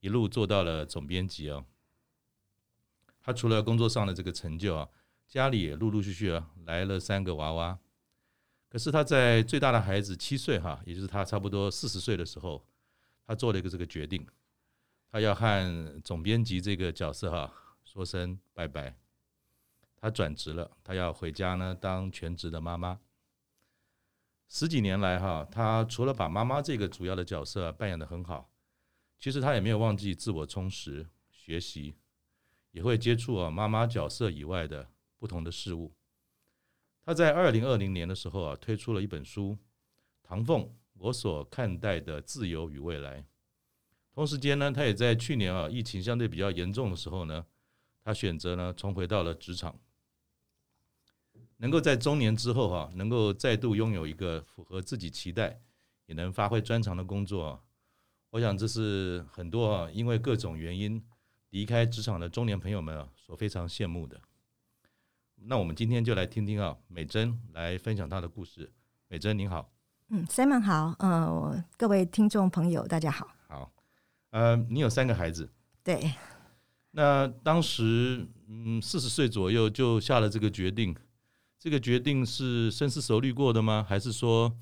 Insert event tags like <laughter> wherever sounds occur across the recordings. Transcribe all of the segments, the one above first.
一路做到了總編輯哦。他除了工作上的這個成就啊，家裡也陸陸續續啊來了三個娃娃。可是他在最大的孩子七歲哈，也就是他差不多四十歲的時候，他做了一個這個決定，他要和總編輯這個角色哈、啊、說聲拜拜。他轉職了，他要回家呢當全職的媽媽。十幾年來哈、啊，他除了把媽媽這個主要的角色、啊、扮演得很好。其實他也沒有忘記自我充實學習，也會接觸啊媽媽角色以外的不同的事物。他在二零二零年的時候啊，推出了一本書《唐鳳：我所看待的自由與未來》。同時間呢，他也在去年啊，疫情相對比較嚴重的時候呢，他選擇呢，重回到了職場。能夠在中年之後哈啊，能夠再度擁有一個符合自己期待，也能發揮專長的工作啊。我想，這是很多啊，因為各種原因離開職場的中年朋友們啊，所非常羨慕的。那我們今天就來聽聽啊，美珍來分享她的故事。美珍，您好。嗯，Simon 好。呃，各位聽眾朋友，大家好。好。呃，你有三個孩子。對。那當時，嗯，四十歲左右就下了這個決定。這個決定是深思熟慮過的嗎？還是說？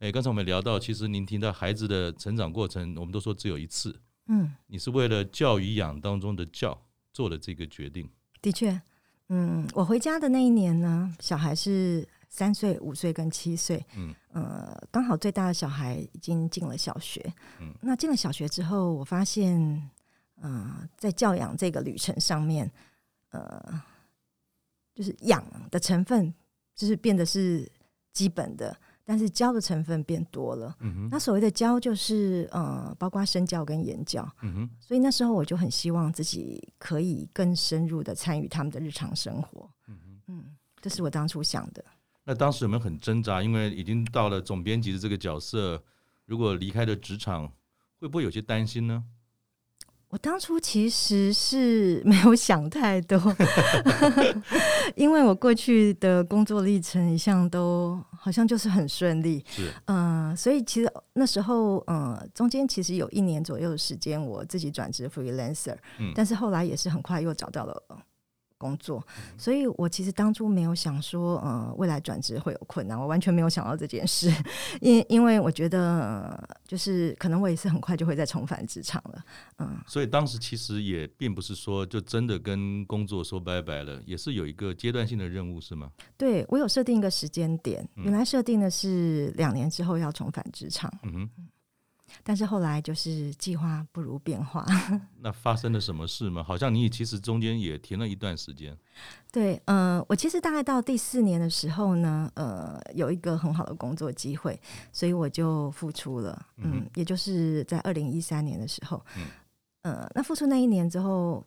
哎，剛才我們聊到，其實您聽到孩子的成長過程，我們都說只有一次。嗯，你是為了教與養當中的教做的這個決定。的確，嗯，我回家的那一年呢，小孩是三歲、五歲跟七歲。嗯，呃，剛好最大的小孩已經進了小學。嗯，那進了小學之後，我發現，呃，在教養這個旅程上面，呃，就是養的成分，就是變得是基本的。但是教的成分變多了，嗯哼。那所謂的教就是呃，包括身教跟言教，嗯哼。所以那時候我就很希望自己可以更深入的參與他們的日常生活，嗯哼。嗯，這是我當初想的。那當時有沒有很掙扎？因為已經到了總編輯的這個角色，如果離開了職場，會不會有些擔心呢？我當初其實是沒有想太多， <laughs> <laughs> 因為我過去的工作歷程一向都好像就是很順利是，嗯、呃，所以其實那時候，嗯、呃，中間其實有一年左右的時間，我自己轉職 freelancer，嗯、但是後來也是很快又找到了。工作，所以我其實當初沒有想說，呃，未來轉職會有困難，我完全沒有想到這件事。因因為我覺得、呃，就是可能我也是很快就會再重返職場了，嗯、呃。所以當時其實也並不是說就真的跟工作說拜拜了，也是有一個階段性的任務，是嗎？對，我有設定一個時間點，原來設定的是兩年之後要重返職場，嗯哼但是後來就是計劃不如變化。那發生了什麼事嗎？好像你其實中間也停了一段時間。對，嗯、呃，我其實大概到第四年的時候呢，呃，有一個很好的工作機會，所以我就復出了。嗯，嗯哼，也就是在二零一三年的時候，嗯哼、呃，那復出那一年之後，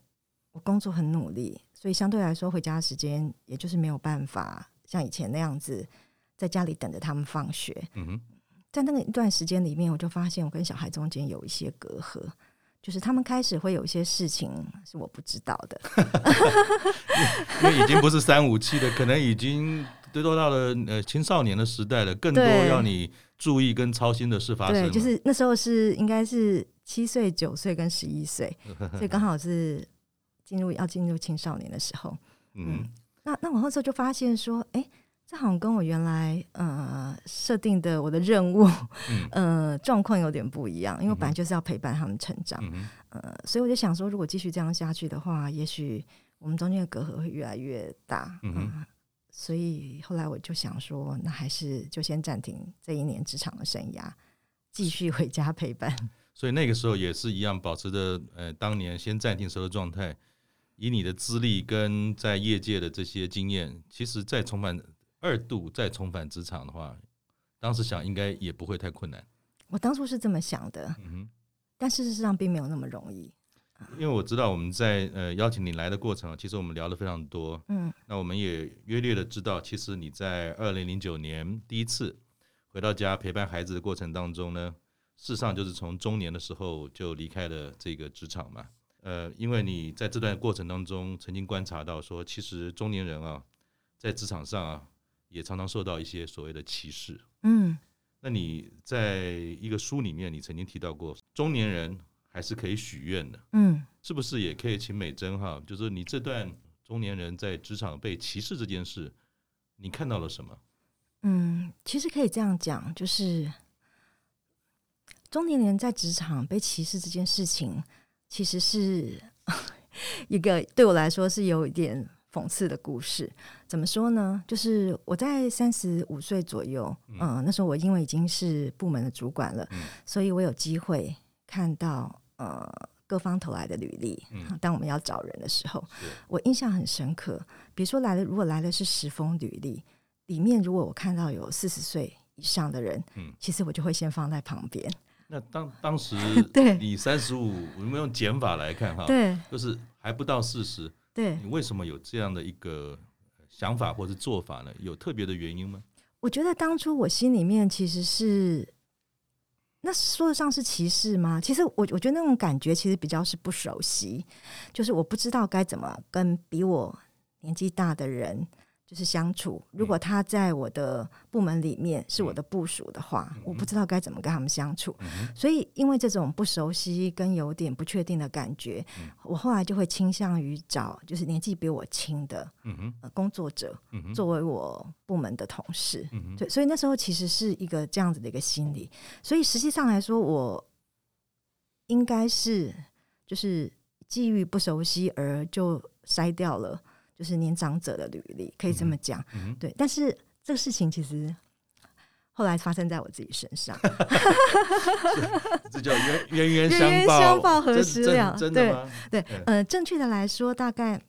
我工作很努力，所以相對來說回家時間，也就是沒有辦法像以前那樣子在家裡等着他們放學。嗯哼。在那個一段時間裡面，我就發現我跟小孩中間有一些隔閡，就是他們開始會有一些事情是我不知道的， <laughs> <laughs> 因為已經不是三五七的，可能已經都到,到了呃青少年的時代了，更多要你注意跟操心的事發生了。對，就是那時候是應該是七歲、九歲跟十一歲，所以剛好是進入要進入青少年的時候。嗯，嗯那那往後之後就發現說，哎、欸。好像跟我原來呃設定的我的任務、嗯、呃狀況有點不一樣，因為本來就是要陪伴他們成長，嗯嗯、呃，所以我就想說，如果繼續這樣下去的話，也許我們中間的隔閡會越來越大。嗯哼、呃，所以後來我就想說，那還是就先暫停這一年職場的生涯，繼續回家陪伴。所以那個時候也是一樣保持着呃當年先暫停時候的狀態，以你的資歷跟在業界的這些經驗，其實再重返。二度再重返職場的話，當時想應該也不會太困難。我當初是這麼想的，嗯哼，但事實上並沒有那麼容易。因為我知道我們在呃邀請你來的過程，其實我們聊了非常多，嗯，那我們也約略的知道，其實你在二零零九年第一次回到家陪伴孩子的過程當中呢，事實上就是從中年的時候就離開了這個職場嘛，呃，因為你在這段過程當中曾經觀察到說，其實中年人啊，在職場上啊。也常常受到一些所謂的歧視，嗯。那你在一個書裡面，你曾經提到過中年人還是可以許願的，嗯。是不是也可以請美珍哈？就是你這段中年人在職場被歧視這件事，你看到了什麼？嗯，其實可以這樣講，就是中年人在職場被歧視這件事情，其實是一個對我來說是有一點。諷刺的故事怎麼說呢？就是我在三十五歲左右，嗯、呃，那時候我因為已經是部門的主管了，嗯、所以我有機會看到呃各方投來的履歷。嗯，當我們要找人的時候，是我印象很深刻。比如說來的，如果來的是十封履歷，裡面如果我看到有四十歲以上的人，嗯，其實我就會先放在旁邊。那當當時 <laughs> 對你三十五，我們用減法來看哈，對，就是還不到四十。對，你為什麼有這樣的一個想法或是做法呢？有特別的原因嗎？我覺得當初我心裡面其實是，那說得上是歧視嗎？其實我我覺得那種感覺其實比較是不熟悉，就是我不知道該怎麼跟比我年紀大的人，就是相處。如果他在我的部門裡面是我的部屬的話，mm hmm. 我不知道該怎麼跟他們相處。Mm hmm. 所以，因為這種不熟悉跟有點不確定的感覺，mm hmm. 我後來就會傾向於找就是年紀比我輕的、mm hmm. 呃、工作者、mm hmm. 作為我部門的同事。Mm hmm. 對，所以那時候其實是一個這樣子的一個心理。所以實際上來說，我應該是就是基於不熟悉而就篩掉了。就是年長者的履歷，可以這麼講。嗯嗯、對，但是這個事情其實後來發生在我自己身上，這叫冤冤相報何時了？這真，真的嗎？對，對嗯、呃，正確的來說，大概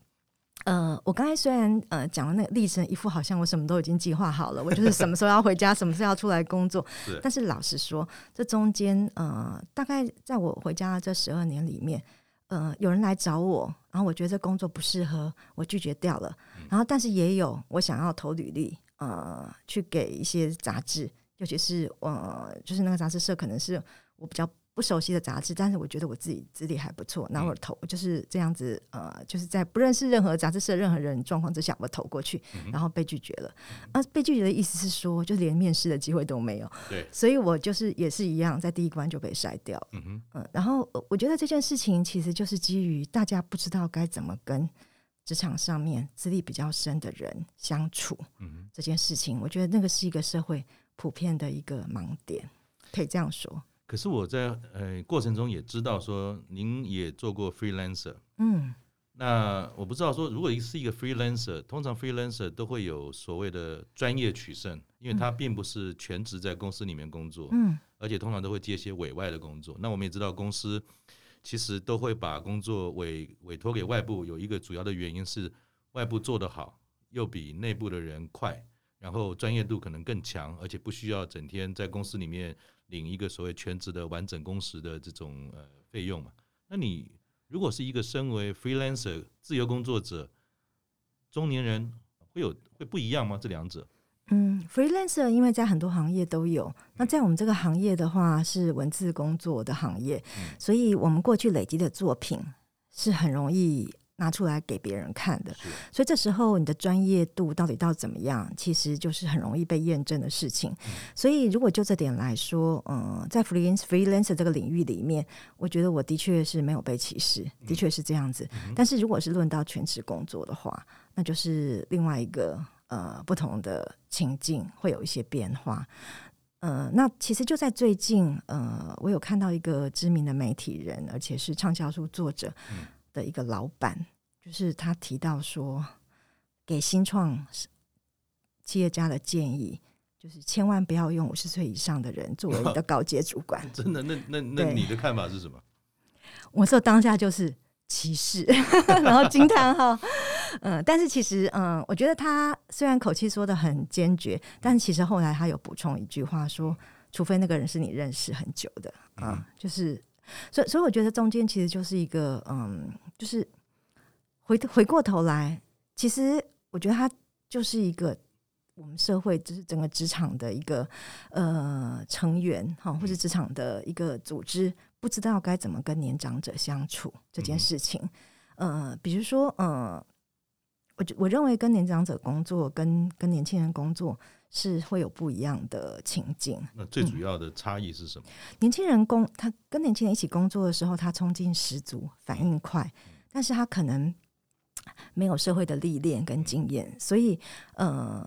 呃，我剛才雖然呃講了那個歷程一，一副好像我什麼都已經計劃好了，我就是什麼時候要回家， <laughs> 什麼時候要出來工作。是。但是老實說，這中間呃，大概在我回家的這十二年裡面。呃，有人來找我，然後我覺得這工作不適合，我拒絕掉了。然後，但是也有我想要投履歷，呃，去給一些雜誌，尤其是我、呃、就是那個雜誌社，可能是我比較。不熟悉的雜誌，但是我覺得我自己資歷還不錯，那、嗯、我投就是這樣子，呃，就是在不認識任何雜誌社的任何人狀況之下，我投過去，嗯、哼然後被拒絕了。啊，被拒絕的意思是說，就連面試的機會都沒有。對，所以我就是也是一樣，在第一關就被篩掉嗯嗯、哼、呃，然後我覺得這件事情其實就是基於大家不知道該怎麼跟職場上面資歷比較深的人相處、嗯、哼這件事情，我覺得那個是一個社會普遍的一個盲點，可以這樣說。可是我在呃過程中也知道說，您也做過 freelancer，嗯，那我不知道說，如果你是一個 freelancer，通常 freelancer 都會有所謂的專業取勝，因為他並不是全職在公司裡面工作，嗯，嗯而且通常都會接一些委外的工作。那我們也知道，公司其實都會把工作委委託給外部，有一個主要的原因是外部做得好，又比內部的人快，然後專業度可能更強，而且不需要整天在公司裡面。領一個所謂全職的完整工時的這種呃費用嘛？那你如果是一個身為 freelancer 自由工作者，中年人會有會不一樣嗎？這兩者？嗯，freelancer 因為在很多行業都有，那在我們這個行業的話是文字工作的行業，嗯。所以我們過去累積的作品是很容易，拿出來給別人看的，是所以這時候你的專業度到底到底怎麼樣，其實就是很容易被驗證的事情。嗯、所以如果就這點來說，嗯、呃，在 freelance freelancer 這個領域裡面，我覺得我的確是沒有被歧視，嗯、的確是這樣子。嗯、但是如果是論到全職工作的話，那就是另外一個呃不同的情境，會有一些變化。嗯、呃，那其實就在最近，呃，我有看到一個知名的媒體人，而且是暢銷書作者的一個老板。嗯就是他提到說，給新創企業家的建議就是千萬不要用五十歲以上的人作為一個高階主管。 <laughs> 真的？那那對那,那你的看法是什麼？我說當下就是歧視， <laughs> 然後驚嘆號。 <laughs> 嗯，但是其實嗯，我覺得他雖然口氣說的很堅決，但其實後來他有補充一句話說，除非那個人是你認識很久的啊，嗯嗯、就是，所以所以我覺得中間其實就是一個嗯，就是。回回過頭來，其實我覺得他就是一個我們社會，就是整個職場的一個呃成員哈，或者職場的一個組織，不知道該怎麼跟年長者相處這件事情。嗯，呃，比如說，呃，我就我認為跟年長者工作跟跟年輕人工作是會有不一樣的情境。那最主要的差異是什麼？嗯，年輕人工他跟年輕人一起工作的時候，他衝勁十足，反應快，但是他可能。沒有社會的歷練跟經驗，所以呃，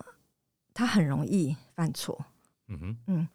他很容易犯錯。嗯哼，嗯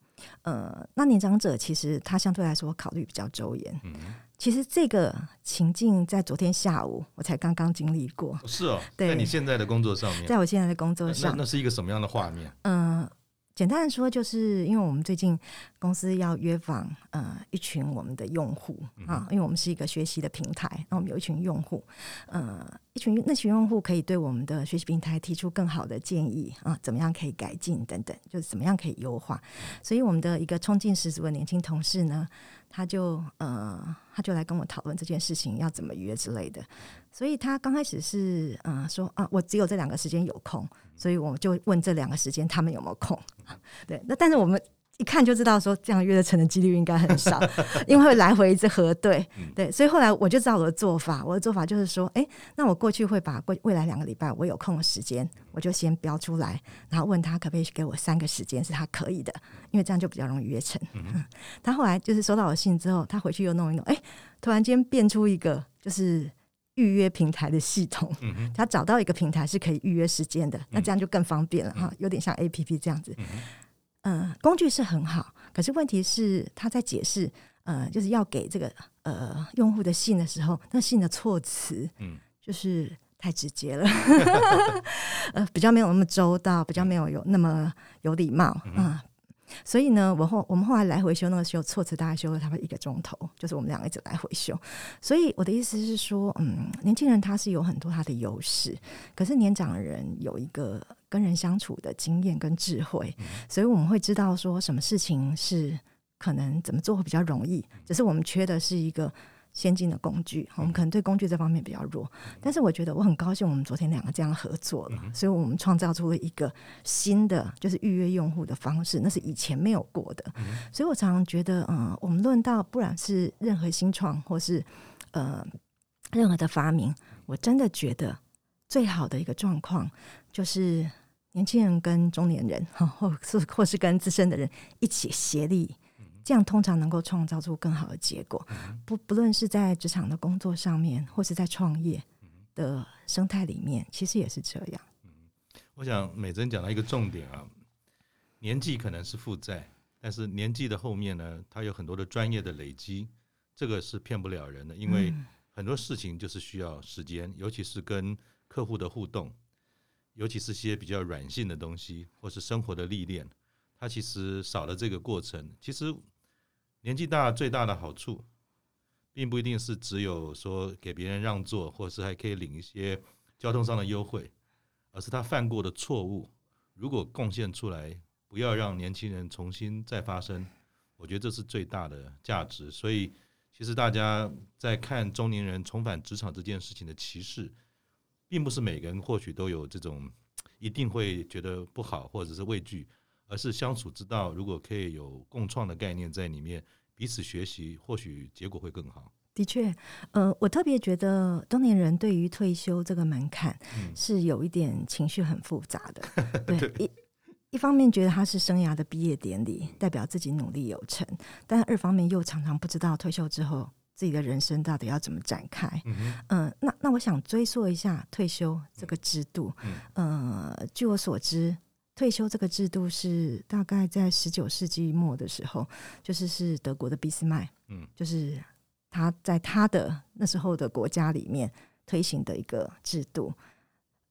呃，那年長者其實他相對來說考慮比較周延。嗯哼，其實這個情境在昨天下午我才剛剛經歷過。哦是哦，對，在你現在的工作上面，在我現在的工作上、啊那，那是一個什麼樣的畫面？嗯、呃。簡單的說，就是因為我們最近公司要約訪呃一群我們的用戶啊，因為我們是一個學習的平台，那我們有一群用戶，呃一群那群用戶可以對我們的學習平台提出更好的建議啊，怎麼樣可以改進等等，就是怎麼樣可以優化。所以我們的一個衝勁十足的年輕同事呢。他就嗯、呃，他就來跟我討論這件事情要怎麼約之類的，所以他剛開始是嗯、呃，說啊，我只有這兩個時間有空，所以我就問這兩個時間他們有沒有空，對，那但是我們。一看就知道，說這樣約得成的幾率應該很少， <laughs> 因為會來回一直核對。嗯、對，所以後來我就知道我的做法，我的做法就是說，誒、欸，那我過去會把過未來兩個禮拜我有空的時間，我就先標出來，然後問他可不可以給我三個時間是他可以的，因為這樣就比較容易約成。他、嗯嗯、後來就是收到我信之後，他回去又弄一弄，誒、欸，突然間變出一個就是預約平台的系統，嗯嗯他找到一個平台是可以預約時間的，那這樣就更方便了嗯嗯哈，有點像 APP 這樣子。嗯嗯嗯、呃，工具是很好，可是問題是他在解釋，呃，就是要給這個呃用戶的信的時候，那信的措辭，嗯，就是太直接了，嗯、 <laughs> 呃，比較沒有那麼周到，比較沒有有那麼有禮貌啊。嗯嗯呃所以呢，我後我們後來來回修，那個時候措辭大概修了差不多一個鐘頭，就是我們兩個一直來回修。所以我的意思是說，嗯，年輕人他是有很多他的優勢，可是年長的人有一個跟人相處的經驗跟智慧，所以我們會知道說什麼事情是可能怎麼做會比較容易，只是我們缺的是一個。先進的工具，我們可能對工具這方面比較弱，嗯、但是我覺得我很高興，我們昨天兩個這樣合作了，嗯、哼所以我們創造出了一個新的，就是預約用戶的方式，那是以前沒有過的。嗯、哼所以我常常覺得，嗯、呃，我們論到不然是任何新創或是呃任何的發明，我真的覺得最好的一個狀況就是年輕人跟中年人，或是或是跟資深的人一起協力。這樣通常能夠創造出更好的結果，不不論是在職場的工作上面，或是在創業的生態裡面，其實也是這樣。嗯，我想美珍講到一個重點啊，年紀可能是負債，但是年紀的後面呢，它有很多的專業的累積，這個是騙不了人的，因為很多事情就是需要時間，尤其是跟客戶的互動，尤其是些比較軟性的東西，或是生活的歷練，它其實少了這個過程，其實。年紀大最大的好處，並不一定是只有說給別人讓座，或者是還可以領一些交通上的優惠，而是他犯過的錯誤，如果貢獻出來，不要讓年輕人重新再發生，我覺得這是最大的價值。所以，其實大家在看中年人重返職場這件事情的歧視，並不是每個人或許都有這種一定會覺得不好，或者是畏懼。而是相處之道，如果可以有共創的概念在裡面，彼此學習，或許結果會更好。的確，呃，我特別覺得，中年人對於退休這個門檻是有一點情緒很複雜的。嗯、 <laughs> 對，一一方面，覺得他是生涯的畢業典禮，代表自己努力有成，但二方面又常常不知道退休之後自己的人生到底要怎麼展開。嗯哼、呃，那那我想追溯一下退休這個制度。嗯、呃，據我所知。退休這個制度是大概在十九世紀末的時候，就是是德國的俾斯麥，嗯，就是他在他的那時候的國家裡面推行的一個制度，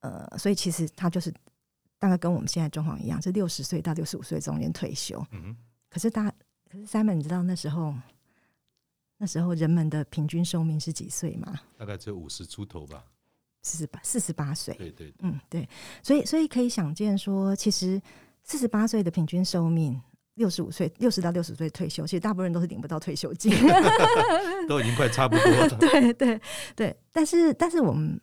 呃，所以其實他就是大概跟我們現在狀況一樣，是六十歲到六十五歲中間退休。嗯哼、嗯。可是大可是 Simon 你知道那時候，那時候人們的平均壽命是幾歲嗎？大概只有五十出頭吧。四十八，四十八歲。對對,對。嗯，對。所以，所以可以想見說，說其實四十八歲的平均壽命六十五歲，六十到六十歲退休，其實大部分人都是領不到退休金， <laughs> 都已經快差不多了 <laughs> 對對。對對對。但是，但是我們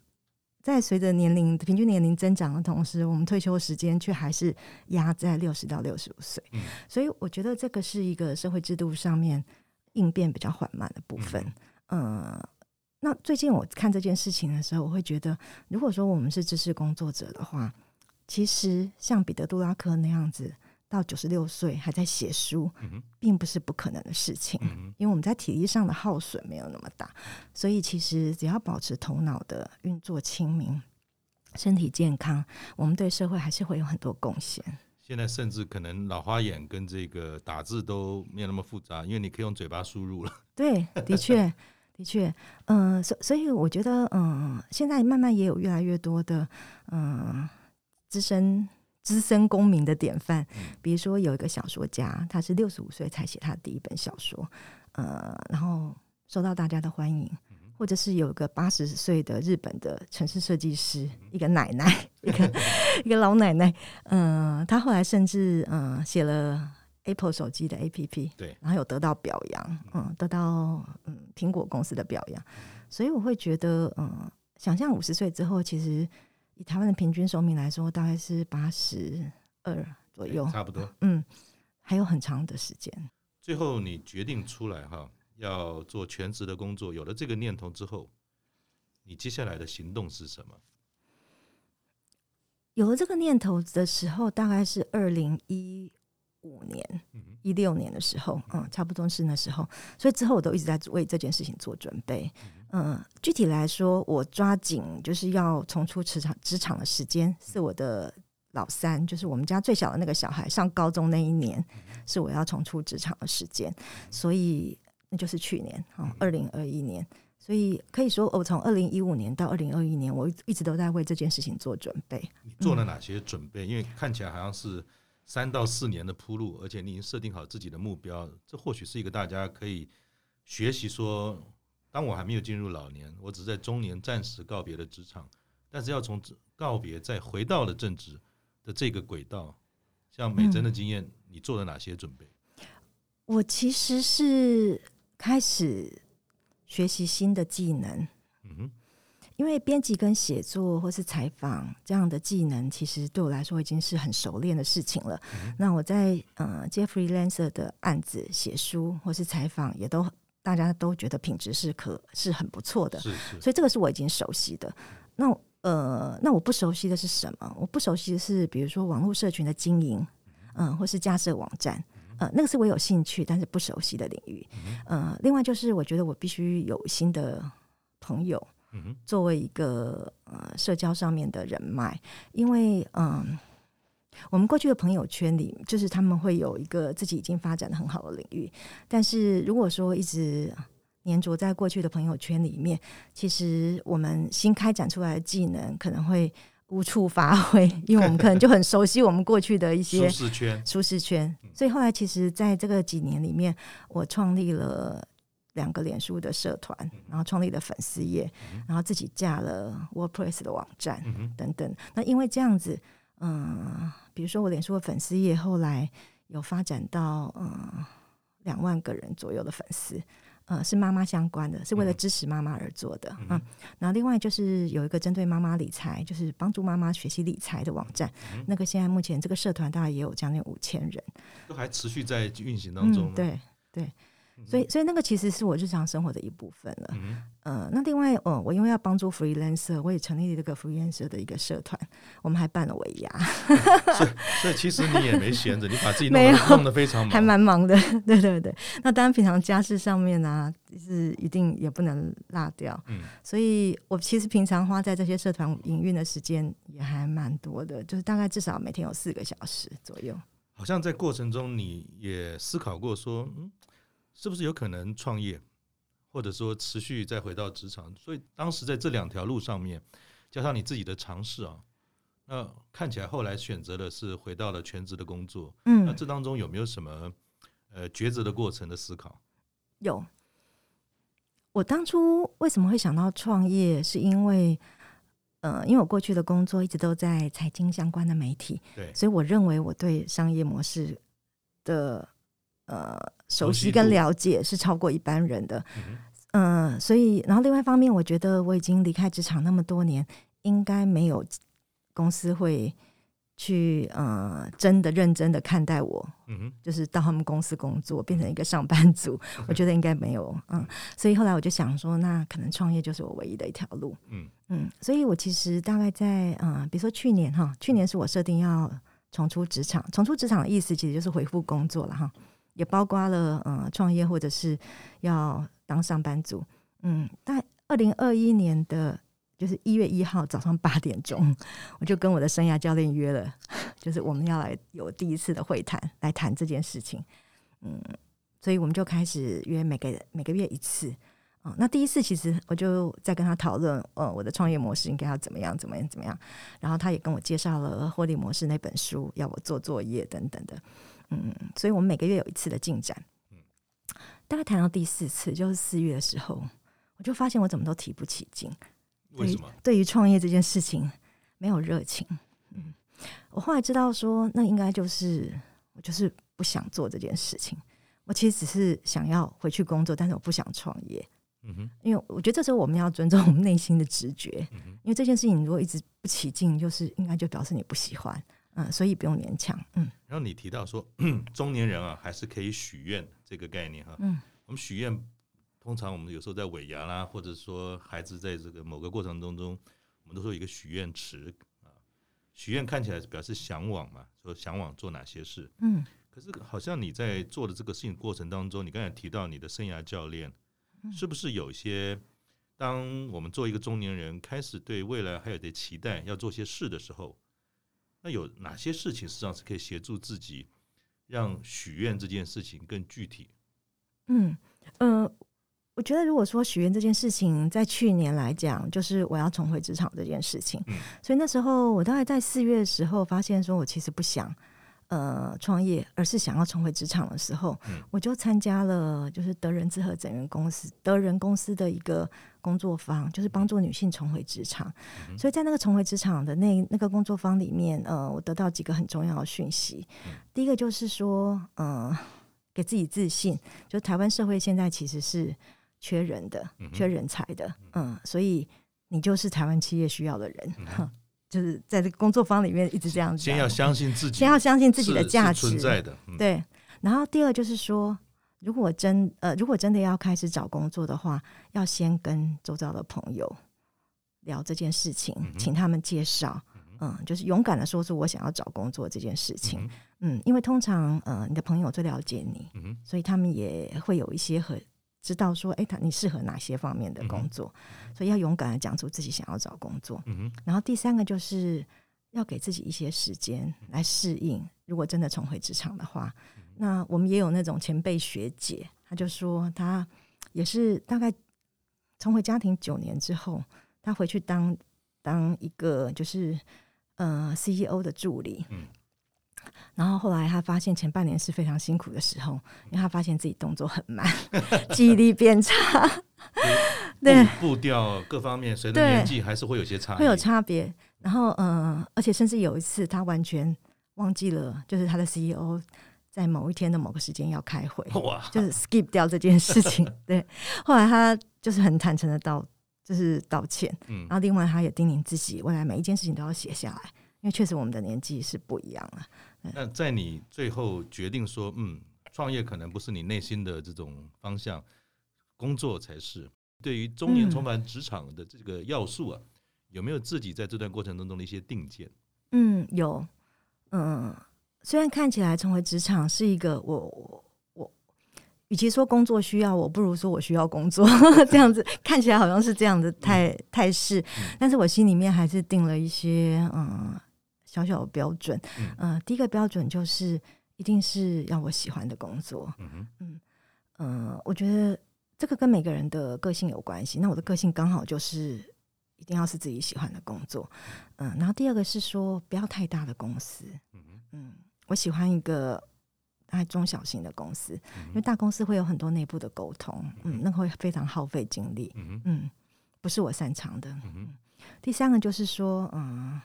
在隨着年齡平均年齡增長的同時，我們退休的時間卻還是壓在六十到六十五歲。嗯。所以，我覺得這個是一個社會制度上面應變比較緩慢的部分。嗯。呃那最近我看這件事情的時候，我會覺得，如果說我們是知識工作者的話，其實像彼得·杜拉克那樣子，到九十六歲還在寫書，並不是不可能的事情。嗯、哼因為我們在體力上的耗損沒有那麼大，所以其實只要保持頭腦的運作清明、身體健康，我們對社會還是會有很多貢獻。現在甚至可能老花眼跟這個打字都沒有那麼複雜，因為你可以用嘴巴輸入了。對，的確。 <laughs> 的確，嗯、呃，所所以我覺得，嗯、呃，現在慢慢也有越來越多的，嗯、呃，資深資深公民的典範，嗯、比如說有一個小說家，他是六十五歲才寫他的第一本小說，呃，然後受到大家的歡迎，或者是有個八十歲的日本的城市設計師，嗯、一個奶奶，一個 <laughs> 一個老奶奶，嗯、呃，她後來甚至嗯寫、呃、了。Apple 手機的 APP，對，然後有得到表揚，嗯，得到嗯蘋果公司的表揚，所以我會覺得，嗯，想象五十歲之後，其實以台灣的平均壽命來說，大概是八十二左右，對，差不多，嗯，還有很長的時間。最後，你決定出來哈，要做全職的工作，有了這個念頭之後，你接下來的行動是什麼？有了這個念頭的時候，大概是二零一。五年，一六年的時候嗯，嗯，差不多是那時候。所以之後我都一直在為這件事情做準備。嗯，嗯，具體來說，我抓緊就是要重出職場職場的時間，是我的老三，就是我們家最小的那個小孩上高中那一年，是我要重出職場的時間。嗯、所以那就是去年，二零二一年。所以可以說，我從二零一五年到二零二一年，我一直都在為這件事情做準備。你做了哪些準備？嗯、因為看起來好像是。三到四年的鋪路，而且你已經設定好自己的目標，這或許是一個大家可以學習。說，當我還沒有進入老年，我只是在中年暫時告別了職場，但是要從告別再回到了正職的這個軌道，像美珍的經驗，嗯、你做了哪些準備？我其實是開始學習新的技能。因為編輯跟寫作或是採訪這樣的技能，其實對我來說已經是很熟練的事情了。嗯、那我在嗯、呃，Jeffrey Lancer 的案子寫書或是採訪，也都大家都覺得品質是可是很不錯的。是是。所以這個是我已經熟悉的。嗯、那呃，那我不熟悉的是什麼？我不熟悉的是，比如說網絡社群的經營，嗯、呃，或是架設網站，嗯、呃，那個是我有興趣但是不熟悉的領域。嗯、呃。另外就是，我覺得我必須有新的朋友。作為一個呃社交上面的人脈，因為嗯、呃，我們過去的朋友圈裡，就是他們會有一個自己已經發展的很好的領域。但是如果說一直黏着在過去的朋友圈裡面,其實我們新開展出來的技能可能會無處發揮，因為我們可能就很熟悉我們過去的一些舒適圈。舒適圈。所以後來其實在這個幾年裡面，我創立了。兩個臉書的社團，然後創立了粉絲頁，然後自己架了 WordPress 的網站等等。那因為這樣子，嗯、呃，比如說我臉書的粉絲頁，後來有發展到嗯呃，兩萬個人左右的粉絲，呃，是媽媽相關的，是為了支持媽媽而做的、嗯、啊。那另外就是有一個針對媽媽理財，就是幫助媽媽學習理財的網站。嗯、那個現在目前這個社團大概也有將近五千人，都還持續在運行當中、嗯。對對。所以，所以那個其實是我日常生活的一部分了、呃。嗯，那另外、哦，我因為要幫助 freelancer，我也成立了一個 freelancer 的一個社團，我們還辦了尾牙、嗯。所以所以其實你也沒閒着， <laughs> 你把自己弄得，有弄得非常忙，還蠻忙的。對，對對對，那當然，平常家事上面呢、啊，是一定也不能落掉。嗯，所以我其實平常花在這些社團營運的時間也還蠻多的，就是大概至少每天有四個小時左右。好像在過程中，你也思考過說。嗯是不是有可能創業，或者說持續再回到職場？所以當時在這兩條路上面，加上你自己的嘗試啊，那看起來後來選擇的是回到了全職的工作。嗯，那這當中有沒有什麼呃抉擇的過程的思考？有。我當初為什麼會想到創業？是因為，呃，因為我過去的工作一直都在財經相關的媒體，對，所以我認為我對商業模式的呃。熟悉跟了解是超過一般人的。嗯哼、呃，所以，然後另外一方面，我覺得我已經離開職場那麼多年，應該沒有公司會去，呃，真的認真的看待我，嗯哼就是到他們公司工作，變成一個上班族，嗯、哼我覺得應該沒有，嗯，嗯，所以後來我就想說，那可能創業就是我唯一的一條路，嗯嗯，所以我其實大概在，呃，比如說去年哈，去年是我設定要重出職場，重出職場的意思其實就是恢復工作了哈。也包括了，嗯、呃，創業或者是要當上班族，嗯。但二零二一年的，就是一月一號早上八點鐘，我就跟我的生涯教練約了，就是我們要來有第一次的會談，來談這件事情。嗯，所以我們就開始約每個每個月一次。嗯，那第一次其實我就在跟他討論，呃，我的創業模式應該要怎麼樣，怎麼樣，怎麼樣。然後他也跟我介紹了《獲利模式》那本書，要我做作業等等的。嗯，所以我們每個月有一次的進展。嗯，大概談到第四次，就是四月的時候，我就發現我怎麼都提不起勁。為什麼？對於創業這件事情沒有熱情。嗯，我後來知道說，那應該就是我就是不想做這件事情。我其實只是想要回去工作，但是我不想創業。嗯哼。因為我覺得這時候我們要尊重我們內心的直覺。嗯，因為這件事情如果一直不起勁，就是應該就表示你不喜歡。嗯，所以不用勉強，嗯。然後你提到說，中年人啊，還是可以許願這個概念哈。嗯。我們許願，通常我們有時候在尾牙啦，或者說孩子在這個某個過程當中，中，我們都說有一個許願池啊。許願看起來是表示嚮往嘛，說嚮往做哪些事。嗯。可是好像你在做的這個事情過程當中，你剛才提到你的生涯教練，是不是有些？當我們做一個中年人，開始對未來還有點期待，要做些事的時候。有哪些事情實際上是可以協助自己，讓許願這件事情更具體？嗯、呃，我覺得如果說許願這件事情，在去年來講，就是我要重回職場這件事情，嗯、所以那時候我大概在四月的時候發現，說我其實不想。呃，創業，而是想要重回職場的時候，嗯、我就參加了，就是德仁資和整人公司德仁公司的一個工作坊，就是幫助女性重回職場。嗯、哼所以在那個重回職場的那那個工作坊裡面，呃，我得到幾個很重要的訊息。嗯、第一個就是說，嗯、呃，給自己自信。就台灣社會現在其實是缺人的，嗯、哼缺人才的，嗯，所以你就是台灣企業需要的人。嗯就是在這個工作坊裡面一直這樣子，先要相信自己，先要相信自己的價值。對，然後第二就是說，如果真呃，如果真的要開始找工作的話，要先跟周遭的朋友聊這件事情，請他們介紹。嗯，就是勇敢的說出我想要找工作這件事情。嗯，因為通常呃，你的朋友最了解你，所以他們也會有一些很。知道說，哎、欸，他你適合哪些方面的工作？嗯哼，所以要勇敢的講出自己想要找工作。嗯哼，然後第三個就是要給自己一些時間來適應。嗯哼，如果真的重回職場的話，嗯哼，那我們也有那種前輩學姐，她就說她也是大概重回家庭九年之後，她回去當當一個就是呃 CEO 的助理。嗯然後後來他發現前半年是非常辛苦的時候，因為他發現自己動作很慢， <laughs> 記憶力變差，對、 <laughs> 嗯、步調各方面隨着年紀對還是會有些差，會有差別。然後嗯、呃，而且甚至有一次他完全忘記了，就是他的 CEO 在某一天的某個時間要開會，哇就是 skip 掉這件事情。 <laughs> 對，後來他就是很坦誠的道，就是道歉。嗯，然後另外他也叮嚀自己，未來每一件事情都要寫下來。因為確實我們的年紀是不一樣了，啊嗯嗯。那在你最後決定說，嗯，創業可能不是你內心的這種方向，工作才是。對於中年重返職場的這個要素啊，嗯、有沒有自己在這段過程當中的一些定見？嗯，有。嗯，雖然看起來重回職場是一個我我我，與其說工作需要我，不如說我需要工作。 <laughs> 這樣子看起來好像是這樣的態態勢，但是我心裡面還是定了一些嗯。小小的標準，嗯、呃，第一個標準就是一定是要我喜歡的工作，嗯嗯、呃、我覺得這個跟每個人的個性有關係。那我的個性剛好就是一定要是自己喜歡的工作，嗯、呃。然後第二個是說不要太大的公司，嗯，我喜歡一個愛中小型的公司，因為大公司會有很多內部的溝通，嗯，那個、會非常耗費精力，嗯，不是我擅長的。嗯，第三個就是說，嗯、呃。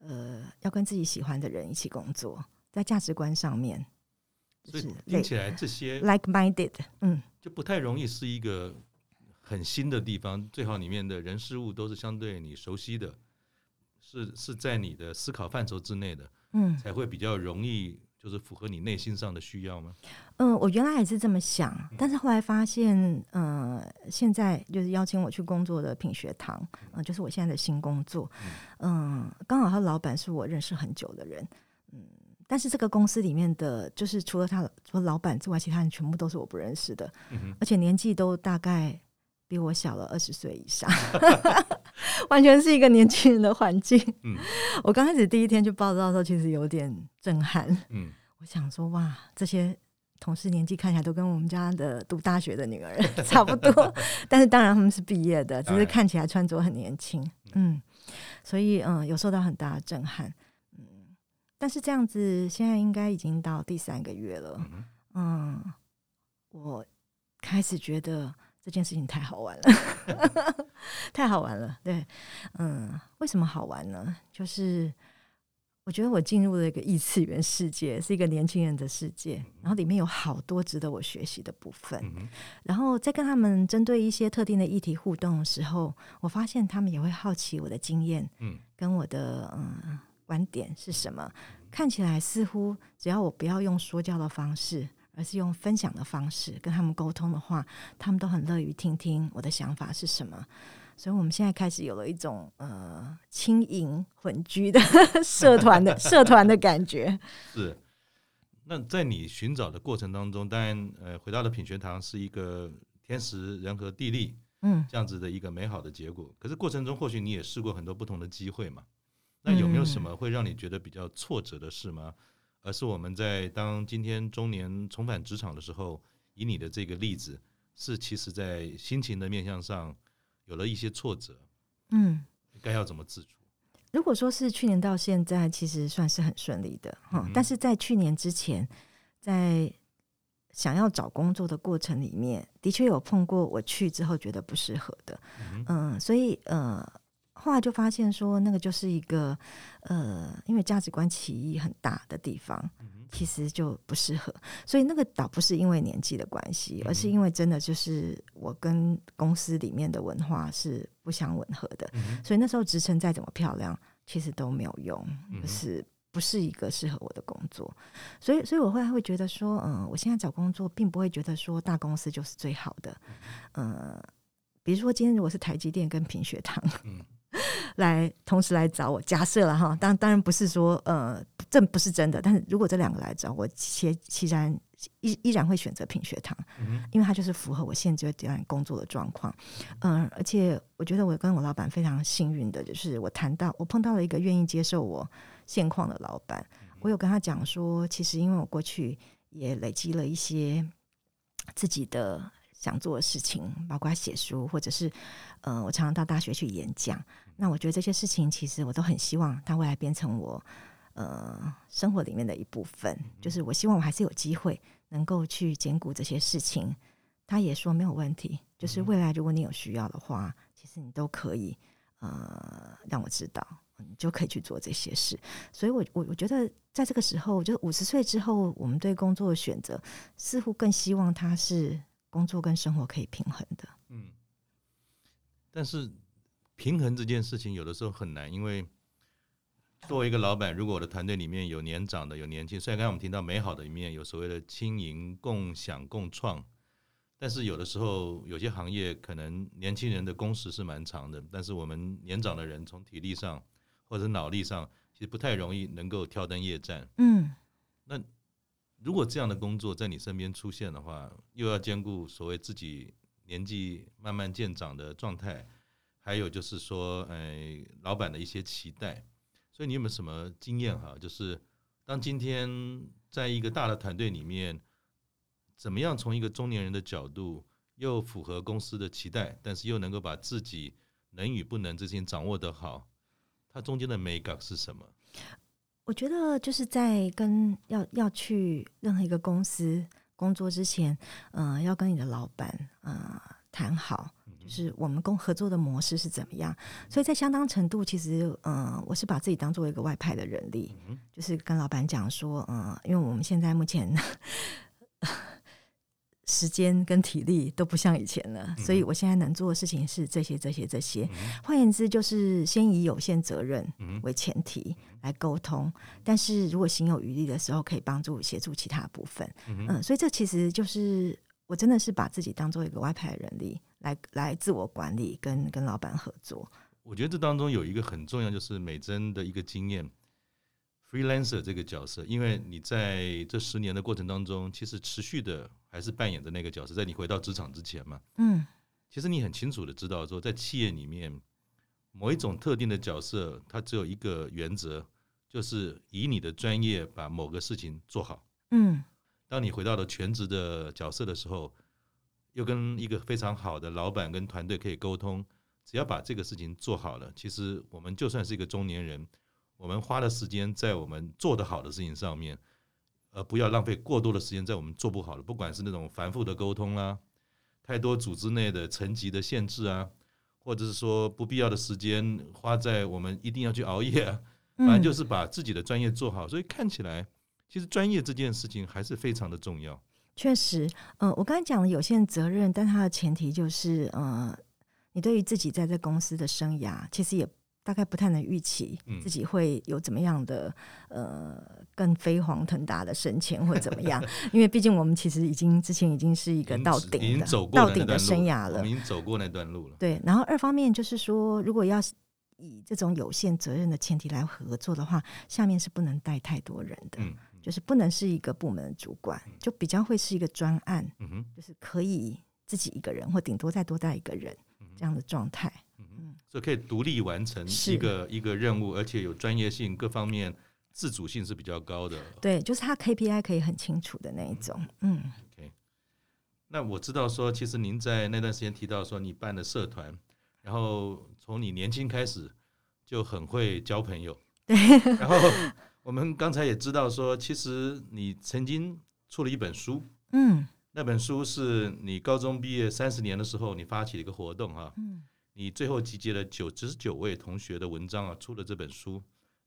呃，要跟自己喜歡的人一起工作，在價值觀上面，所以聽起來這些 like-minded，嗯，就不太容易是一個很新的地方，最好裡面的人事物都是相對你熟悉的，是是在你的思考範疇之內的，嗯，才會比較容易。就是符合你內心上的需要嗎？嗯、呃，我原來也是這麼想，但是後來發現，呃，現在就是邀請我去工作的品學堂，嗯、呃，就是我現在的新工作，嗯、呃，剛好他老板是我認識很久的人，嗯，但是這個公司裡面的就是除了他除了老板之外，其他人全部都是我不認識的，而且年紀都大概比我小了二十歲以上， <laughs> <laughs> 完全是一個年輕人的環境。我剛開始第一天去報到的時候，其實有點震撼。我想說，哇，這些同事年紀看起來都跟我們家的讀大學的女兒差不多，但是當然他們是畢業的，只是看起來穿着很年輕。嗯，所以嗯，有受到很大的震撼。嗯，但是這樣子，現在應該已經到第三個月了。嗯，我開始覺得。這件事情太好玩了， <laughs> <laughs> 太好玩了。對，嗯，為什麼好玩呢？就是我覺得我進入了一個異次元世界，是一個年輕人的世界，然後裡面有好多值得我學習的部分。然後在跟他們針對一些特定的議題互動的時候，我發現他們也會好奇我的經驗，嗯，跟我的嗯，觀點是什麼。看起來似乎只要我不要用說教的方式。而是用分享的方式跟他們溝通的話，他們都很樂於聽聽我的想法是什麼。所以我們現在開始有了一種呃輕盈混居的社團的 <laughs> 社團的感覺。是。那在你尋找的過程當中，當然呃回到了品學堂是一個天時人和地利，嗯，這樣子的一個美好的結果。嗯、可是過程中或許你也試過很多不同的機會嘛？那有沒有什麼會讓你覺得比較挫折的事嗎？而是我們在當今天中年重返職場的時候，以你的這個例子，是其實在心情的面向上有了一些挫折。嗯，該要怎麼自主？如果說是去年到現在，其實算是很順利的。嗯，但是在去年之前，在想要找工作的過程裡面，的確有碰過我去之後覺得不適合的。嗯，嗯，所以呃……後來就發現說，那個就是一個呃，因為價值觀歧義很大的地方，其實就不適合。所以那個倒不是因為年紀的關係，而是因為真的就是我跟公司裡面的文化是不相吻合的。所以那時候職稱再怎麼漂亮，其實都沒有用，就是不是一個適合我的工作。所以，所以我會會覺得說，嗯、呃，我現在找工作，並不會覺得說大公司就是最好的。嗯、呃，比如說今天如果是台積電跟品學堂，嗯。來，同時來找我。假設了哈，當當然不是說呃，這不是真的。但是如果這兩個來找我其，其其然依依然會選擇品學堂，嗯嗯，因為他就是符合我現階段工作的狀況。嗯，而且我覺得我跟我老板非常幸運的，就是我談到我碰到了一個願意接受我現況的老板。我有跟他講說，其實因為我過去也累積了一些自己的。想做的事情，包括寫書，或者是，呃，我常常到大學去演講。那我覺得這些事情，其實我都很希望他未來變成我，呃，生活裡面的一部分。就是我希望我還是有機會能夠去兼顧這些事情。他也說沒有問題，就是未來如果你有需要的話，嗯、其實你都可以，呃，讓我知道，你就可以去做這些事。所以我，我我我覺得在這個時候，就是五十歲之後，我們對工作的選擇似乎更希望它是，工作跟生活可以平衡的，嗯，但是平衡這件事情有的時候很難，因為作為一個老闆，如果我的團隊裡面有年長的，有年輕，雖然剛才我們聽到美好的一面，有所謂的輕盈、共享、共創，但是有的時候有些行業可能年輕人的工時是蠻長的，但是我們年長的人從體力上或者腦力上，其實不太容易能夠挑燈夜戰，嗯，那。如果這樣的工作在你身邊出現的話，又要兼顧所謂自己年紀慢慢漸長的狀態，還有就是說，哎，老板的一些期待，所以你有沒有什麼經驗哈？就是當今天在一個大的團隊裡面，怎麼樣從一個中年人的角度，又符合公司的期待，但是又能夠把自己能與不能之間掌握得好，它中間的眉角是什麼？我覺得就是在跟要要去任何一個公司工作之前，嗯、呃，要跟你的老闆啊談好，就是我們共合作的模式是怎麼樣。所以在相當程度，其實嗯、呃，我是把自己當做一個外派的人力，就是跟老闆講說，嗯、呃，因為我們現在目前。 <laughs> 時間跟體力都不像以前了，所以我現在能做的事情是這些、這些、這些、嗯哼。換言之，就是先以有限責任為前提來溝通，嗯、哼但是如果行有餘力的時候，可以幫助協助其他部分。嗯,哼嗯，所以這其實就是我真的是把自己當做一個外派人力來來自我管理跟，跟跟老板合作。我覺得這當中有一個很重要，就是美珍的一個經驗，freelancer 這個角色，因為你在這十年的過程當中，其實持續的。還是扮演着那個角色，在你回到職場之前嘛，嗯，其實你很清楚的知道，說在企業裡面，某一種特定的角色，它只有一個原則，就是以你的專業把某個事情做好。嗯，當你回到了全職的角色的時候，又跟一個非常好的老板跟團隊可以溝通，只要把這個事情做好了，其實我們就算是一個中年人，我們花的時間在我們做得好的事情上面。而、呃、不要浪費過多的時間在我們做不好的，不管是那種繁複的溝通啦、啊，太多組織內的層級的限制啊，或者是說不必要的時間花在我們一定要去熬夜、啊，反正就是把自己的專業做好。嗯、所以看起來，其實專業這件事情還是非常的重要。確實，嗯、呃，我剛才講的有限責任，但它的前提就是，嗯、呃，你對於自己在這公司的生涯，其實也。大概不太能預期自己會有怎麼樣的呃，更飛黃騰達的升遷或怎麼樣，因為畢竟我們其實已經之前已經是一個到頂的，到頂的生涯了，已經走過那段路了。對，然後二方面就是說，如果要以這種有限責任的前提來合作的話，下面是不能帶太多人的，就是不能是一個部門主管，就比較會是一個專案，就是可以自己一個人，或頂多再多帶一個人這樣的狀態。就可以獨立完成一個一個任務，是而且有專業性，各方面自主性是比較高的。對，就是他 KPI 可以很清楚的那一種。嗯，OK。那我知道說，其實您在那段時間提到說，你辦的社團，然後從你年輕開始就很會交朋友。對。然後我們剛才也知道說，其實你曾經出了一本書。嗯。那本書是你高中畢業三十年的時候，你發起一個活動啊。嗯。你最後集結了九十九位同學的文章啊，出了這本書，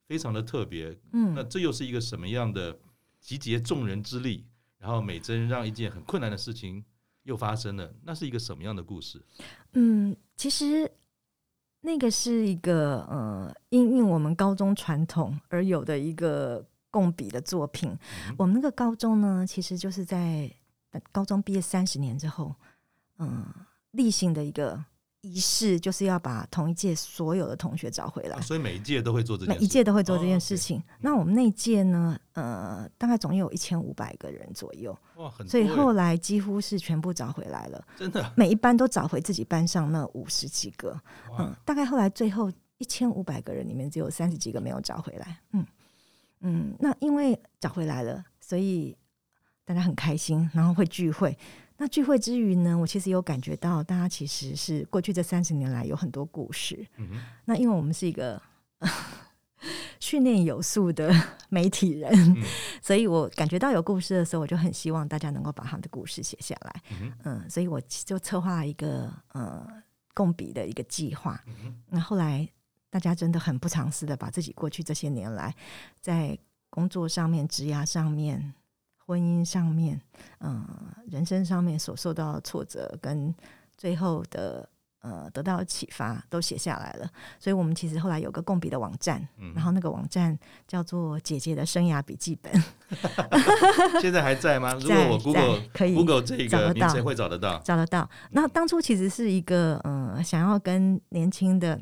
非常的特別。嗯，那這又是一個什麼樣的集結眾人之力，然後美珍讓一件很困難的事情又發生了，那是一個什麼樣的故事？嗯，其實那個是一個呃，因應我們高中傳統而有的一個共筆的作品。嗯、我們那個高中呢，其實就是在高中畢業三十年之後，嗯、呃，例行的一個。儀式就是要把同一屆所有的同學找回來，啊，所以每一屆都會做這每一屆都會做這件事情。那我們那一屆呢？呃，大概總有一千五百個人左右，哇，所以後來幾乎是全部找回來了，真的。每一班都找回自己班上那五十幾個，哇嗯，大概後來最後一千五百個人裡面只有三十幾個沒有找回來，嗯嗯。那因為找回來了，所以大家很開心，然後會聚會。那聚會之餘呢，我其實有感覺到大家其實是過去這三十年來有很多故事。嗯、哼那因為我們是一個 <laughs> 訓練有素的媒體人，嗯、所以我感覺到有故事的時候，我就很希望大家能夠把他的故事寫下來。嗯哼、呃，所以我就策劃一個呃共筆的一個計劃。那、嗯、哼後來大家真的很不藏私的把自己過去這些年來在工作上面、職業上面，婚姻上面，嗯、呃，人生上面所受到的挫折跟最後的呃得到啟發，都寫下來了。所以我們其實後來有個共筆的網站，然後那個網站叫做《姐姐的生涯筆記本》嗯哼。 <laughs> 現在還在嗎？如果我 Google, 在，Google 可以，Google 這個，你誰會找得到？找得到。那當初其實是一個嗯、呃，想要跟年輕的，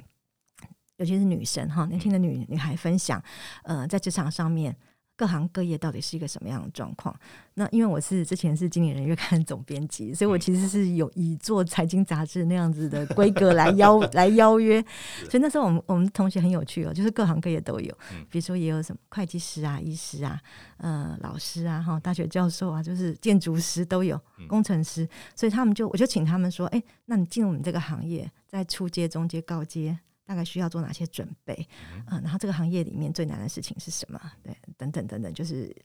尤其是女生哈，年輕的女女孩分享，呃，在職場上面。各行各業到底是一個什麼樣的狀況？那因為我是之前是《經理人月刊》總編輯，所以我其實是有以做財經雜誌那樣子的規格來邀 <laughs> 來邀約，所以那時候我們我們同學很有趣哦，就是各行各業都有，比如說也有什麼會計師啊、醫師啊、呃老師啊、哈大學教授啊，就是建築師都有、工程師，所以他們就我就請他們說：“誒、欸，那你進入我們這個行業，在初階、中階、高階。”大概需要做哪些準備？嗯、呃，然後這個行業裡面最難的事情是什麼？對，等等等等，就是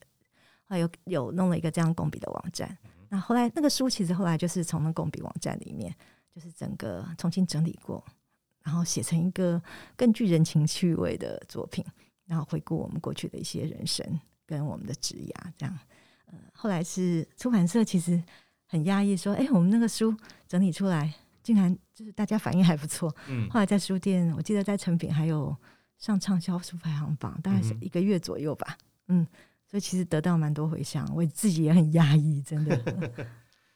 啊有有弄了一個這樣共筆的網站。那後，後來那個書其實後來就是從那共筆網站裡面，就是整個重新整理過，然後寫成一個更具人情趣味的作品。然後回顧我們過去的一些人生跟我們的職涯，這樣。嗯、呃，後來是出版社其實很訝異，說：“哎、欸，我們那個書整理出來。”竟然就是大家反應還不錯，嗯，後來在書店，我記得在誠品還有上暢銷書排行榜，大概是一個月左右吧，嗯，哼嗯，所以其實得到蠻多回響，我自己也很訝異，真的呵呵呵。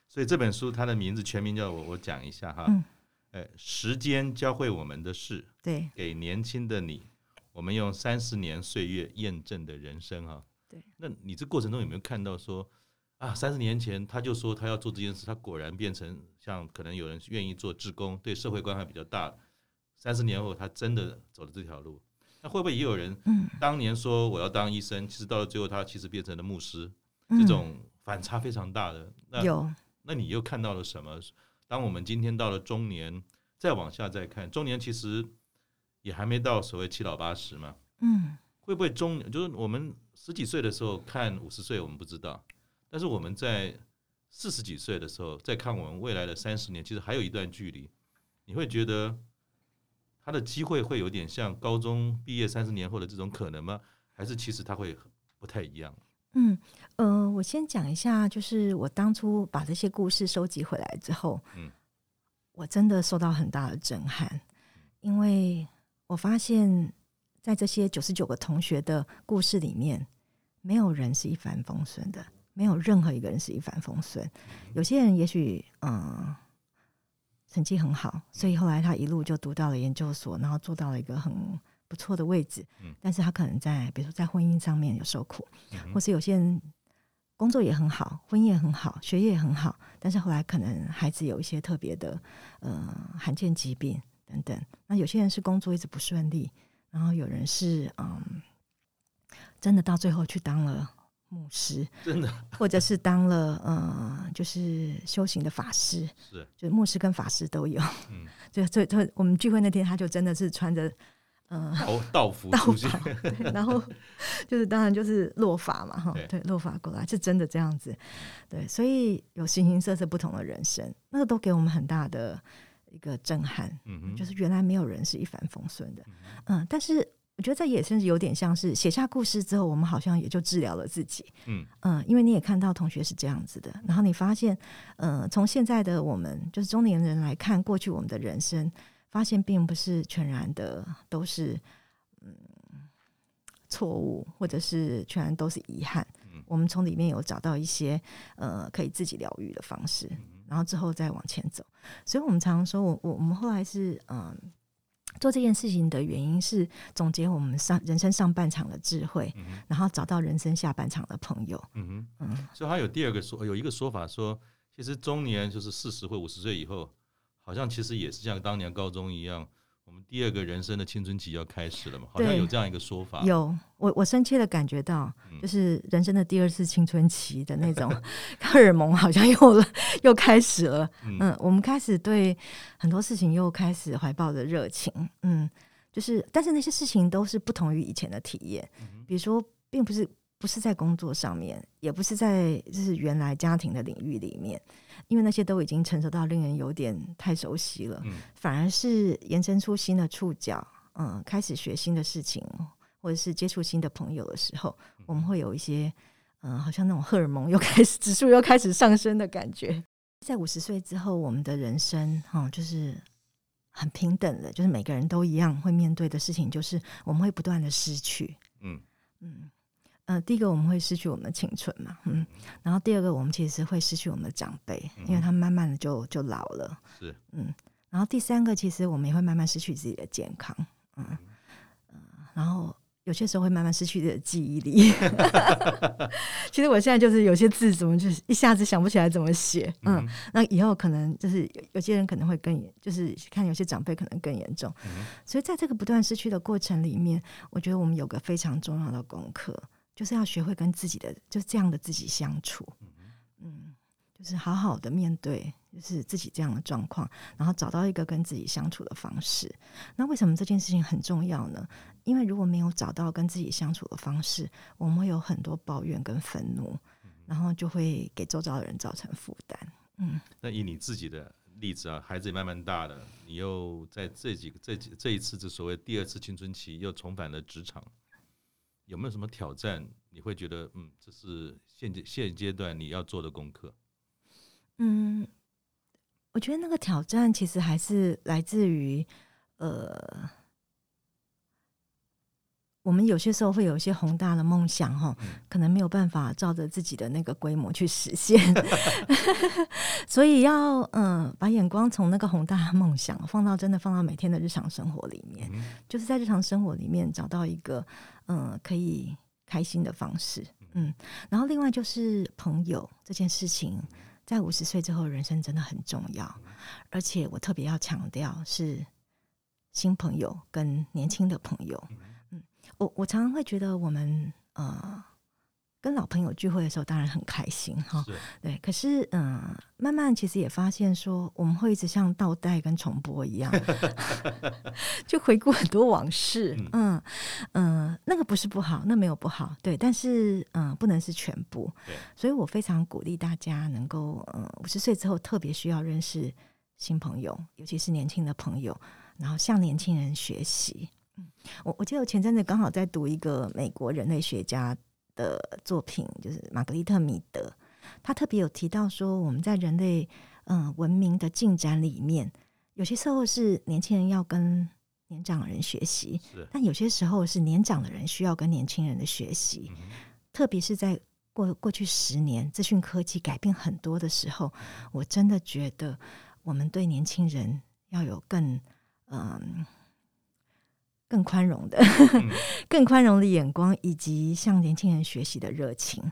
所以這本書它的名字全名叫我，我講一下哈，嗯，欸、時間教會我們的事，對，給年輕的你，我們用三十年歲月驗證的人生哈，對，那你這過程中有沒有看到說？啊，三十年前他就說他要做這件事，他果然變成像可能有人願意做志工，對社會關懷比較大。三十年後，他真的走了這條路，那會不會也有人、嗯、當年說我要當醫生，其實到了最後，他其實變成了牧師，這種反差非常大的。嗯、那有，那你又看到了什麼？當我們今天到了中年，再往下再看，中年其實也還沒到所謂七老八十嘛。嗯，會不會中就是我們十幾歲的時候看五十歲，我們不知道。但是我們在四十幾歲的時候再看我們未來的三十年，其實還有一段距離。你會覺得他的機會會有點像高中畢業三十年後的這種可能嗎？還是其實他會不太一樣？嗯，呃，我先講一下，就是我當初把這些故事收集回來之後，嗯，我真的受到很大的震撼，因為我發現在這些九十九個同學的故事裡面，沒有人是一帆風順的。沒有任何一個人是一帆風順，有些人也許嗯成績很好，所以後來他一路就讀到了研究所，然後做到了一個很不錯的位置。但是他可能在比如說在婚姻上面有受苦，或是有些人工作也很好，婚姻也很好，學業也很好，但是後來可能孩子有一些特別的嗯、呃、罕見疾病等等。那有些人是工作一直不順利，然後有人是嗯真的到最後去當了。牧師真的， <laughs> 或者是當了嗯、呃，就是修行的法師，是，就是牧師跟法師都有，嗯，就這我們聚會那天他就真的是穿着嗯、呃，道服，道服，然後就是當然就是落法嘛，哈， <laughs> 對，落法過來，是真的這樣子，對，所以有形形色色不同的人生，那個都給我們很大的一個震撼，嗯哼就是原來沒有人是一帆風順的，嗯，哼嗯，但是。我覺得這也甚至有點像是寫下故事之後，我們好像也就治療了自己。呃。嗯，因為你也看到同學是這樣子的，然後你發現，嗯，從現在的我們就是中年人來看過去我們的人生，發現並不是全然的都是，嗯，錯誤或者是全然都是遺憾。嗯，我們從裡面有找到一些呃可以自己療癒的方式，然後之後再往前走。所以，我們常常說我我我們後來是嗯呃。做這件事情的原因是總結我們上人生上半場的智慧，嗯、哼然後找到人生下半場的朋友。嗯哼，嗯，所以他有第二個說有一個說法說，其實中年就是四十或五十歲以後，好像其實也是像當年高中一樣。我們第二個人生的青春期要開始了嘛？好像有這樣一個說法。有，我我深切的感覺到，就是人生的第二次青春期的那種荷爾蒙好像又了 <laughs> 又開始了。嗯，我們開始對很多事情又開始懷抱着熱情。嗯，就是，但是那些事情都是不同於以前的體驗。比如說，並不是。不是在工作上面，也不是在就是原來家庭的領域裡面，因為那些都已經成熟到令人有點太熟悉了。嗯、反而是延伸出新的觸角，嗯，開始學新的事情，或者是接觸新的朋友的時候，我們會有一些嗯、呃，好像那種荷爾蒙又開始，指數又開始上升的感覺。在五十歲之後，我們的人生哈、嗯，就是很平等的，就是每個人都一樣會面對的事情，就是我們會不斷的失去。嗯嗯。嗯嗯、呃，第一個我們會失去我們的青春嘛，嗯，然後第二個我們其實會失去我們的長輩，嗯、因為他們慢慢的就就老了，是，嗯，然後第三個其實我們也會慢慢失去自己的健康，嗯，嗯嗯然後有些時候會慢慢失去自己的記憶力， <laughs> <laughs> 其實我現在就是有些字怎麼就一下子想不起來怎麼寫，嗯，嗯那以後可能就是有些人可能會更，就是看有些長輩可能更嚴重，嗯、所以在這個不斷失去的過程裡面，我覺得我們有個非常重要的功課。就是要學會跟自己的就這樣的自己相處，嗯，就是好好的面對，就是自己這樣的狀況，然後找到一個跟自己相處的方式。那為什麼這件事情很重要呢？因為如果沒有找到跟自己相處的方式，我們會有很多抱怨跟憤怒，然後就會給周遭的人造成負擔。嗯，那以你自己的例子啊，孩子也慢慢大了，你又在這幾個這幾這一次就所謂第二次青春期，又重返了職場。有沒有什麼挑戰？你會覺得，嗯，這是現階現階段你要做的功課。嗯，我覺得那個挑戰其實還是來自於，呃。我們有些時候會有一些宏大的夢想，哈，可能沒有辦法照着自己的那個規模去實現， <laughs> 所以要嗯、呃，把眼光從那個宏大的夢想放到，真的放到每天的日常生活裡面，嗯、就是在日常生活裡面找到一個嗯、呃、可以開心的方式，嗯，然後另外就是朋友這件事情，在五十歲之後，人生真的很重要，而且我特別要強調是新朋友跟年輕的朋友。我我常常會覺得，我們呃，跟老朋友聚會的時候，當然很開心哈。哦、是對，可是嗯、呃，慢慢其實也發現說，我們會一直像倒帶跟重播一樣， <laughs> <laughs> 就回顧很多往事。嗯嗯、呃，那個不是不好，那個、沒有不好。對，但是嗯、呃，不能是全部。對所以我非常鼓勵大家能夠嗯，五十歲之後特別需要認識新朋友，尤其是年輕的朋友，然後向年輕人學習。我我記得我前陣子剛好在讀一個美國人類學家的作品，就是瑪格麗特米德，她特別有提到說，我們在人類嗯文明的進展裡面，有些時候是年輕人要跟年長的人學習，是但有些時候是年長的人需要跟年輕人的學習，嗯、哼特別是在過過去十年資訊科技改變很多的時候，我真的覺得我們對年輕人要有更嗯。更寬容的、嗯、更寬容的眼光，以及向年輕人學習的熱情，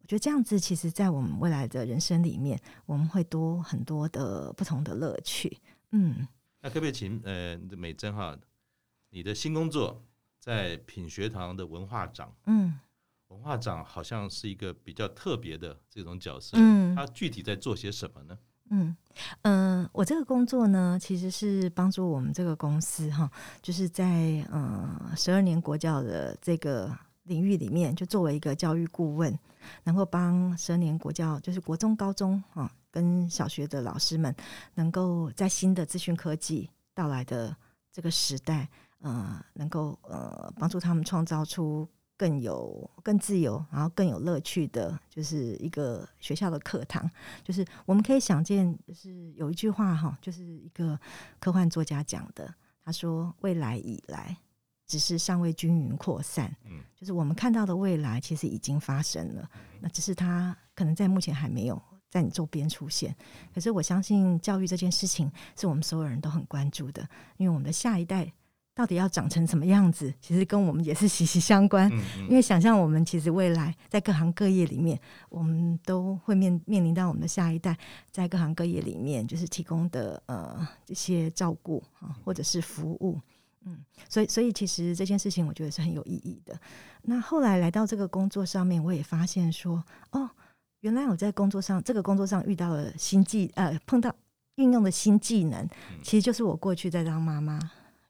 我覺得這樣子，其實在我們未來的人生裡面，我們會多很多的不同的樂趣。嗯，嗯、那可不可以請呃美珍哈，你的新工作在品學堂的文化長？嗯，文化長好像是一個比較特別的這種角色。嗯，他具體在做些什麼呢？嗯嗯、呃，我這個工作呢，其實是幫助我們這個公司哈、啊，就是在嗯十二年國教的這個領域裡面，就作為一個教育顧問，能夠幫十二年國教，就是國中、高中啊，跟小學的老師們，能夠在新的資訊科技到來的這個時代，呃，能夠呃幫助他們創造出，更有更自由，然後更有樂趣的，就是一個學校的課堂。就是我們可以想見，就是有一句話哈，就是一個科幻作家講的。他說：“未來已來，只是尚未均勻擴散。”嗯，就是我們看到的未來，其實已經發生了。那只是他可能在目前還沒有在你周邊出現。可是我相信，教育這件事情是我們所有人都很關注的，因為我們的下一代。到底要長成什麼樣子？其實跟我們也是息息相關，嗯嗯，因為想象我們其實未來在各行各業裡面，我們都會面面臨到我們的下一代在各行各業裡面，就是提供的呃一些照顧啊，或者是服務，嗯，所以所以其實這件事情我覺得是很有意義的。那後來來到這個工作上面，我也發現說，哦，原來我在工作上這個工作上遇到了新技呃碰到運用的新技能，其實就是我過去在當媽媽。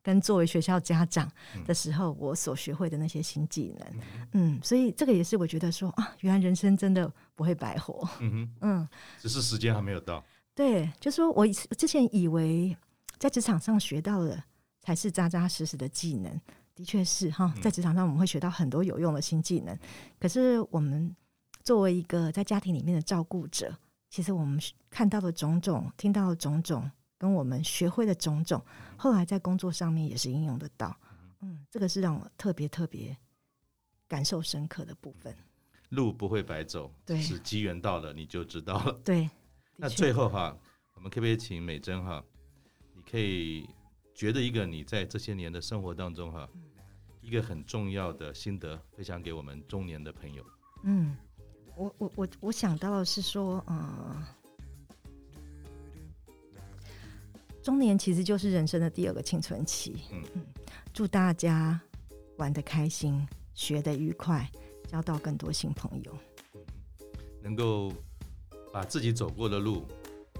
跟作為學校家長的時候，我所學會的那些新技能，嗯，嗯，所以這個也是我覺得說啊，原來人生真的不會白活，嗯哼，嗯，只是時間還沒有到。對，就說我之前以為在職場上學到的才是扎扎實實的技能，的確是哈，在職場上我們會學到很多有用的新技能，嗯，可是我們作為一個在家庭裡面的照顧者，其實我們看到的種種，聽到的種種。跟我們學會的種種，後來在工作上面也是應用得到。嗯，這個是讓我特別特別感受深刻的部分。路不會白走，對，是機緣到了，你就知道了。對，那最後哈，我們可不可以請美珍哈，你可以覺得一個你在這些年的生活當中哈，一個很重要的心得分享給我們中年的朋友。嗯，我我我我想到的是說，嗯、呃。中年其實就是人生的第二個青春期。嗯，祝大家玩得開心，學得愉快，交到更多新朋友。能夠把自己走過的路，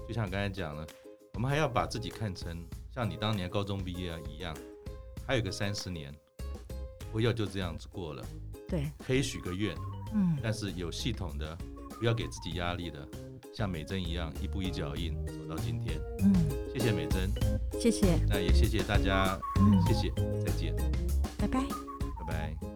就像剛才講了，我們還要把自己看成像你當年高中畢業一樣，還有個三十年，不要就這樣子過了。對，可以許個願。嗯，但是有系統的，不要給自己壓力的，像美珍一樣，一步一腳印走到今天。嗯。謝謝美珍，謝謝。那也謝謝大家，嗯、謝謝，再見，拜拜，拜拜。